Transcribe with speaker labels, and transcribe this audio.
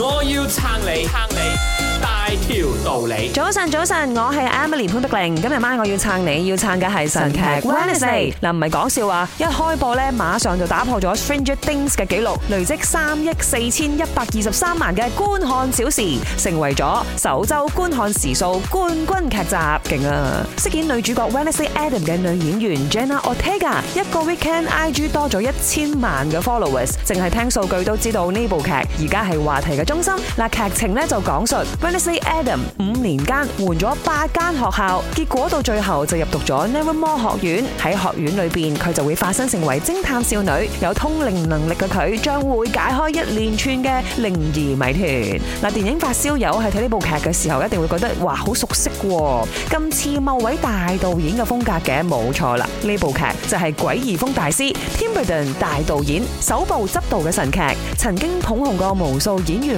Speaker 1: 我要撐你，撐你大條道理。早晨，
Speaker 2: 早晨，我係 Emily 潘德玲。今日晚我要撐你，要撐嘅係神劇《Wednesday》嗱，唔係講笑啊！一開播咧，馬上就打破咗《Stranger Things》嘅紀錄，累積三億四千一百二十三萬嘅觀看小時，成為咗首周觀看時數冠軍劇集，勁啊！飾演女主角 Wednesday Adam 嘅女演員 Jenna Ortega，一個 Weekend IG 多咗一千萬嘅 followers，淨係聽數據都知道呢部劇而家係話題嘅中心嗱，劇情咧就講述 Wednesday Adam 五年間換咗八間學校，結果到最後就入讀咗 Nevermore 學院。喺學院裏邊，佢就會化身成為偵探少女，有通靈能力嘅佢，將會解開一連串嘅靈異謎團。嗱，電影發燒友係睇呢部劇嘅時候，一定會覺得，哇，好熟悉喎！咁似某位大導演嘅風格嘅，冇錯啦。呢部劇就係詭異風大師 Tim Burton 大導演首部執導嘅神劇，曾經捧紅過無數演員。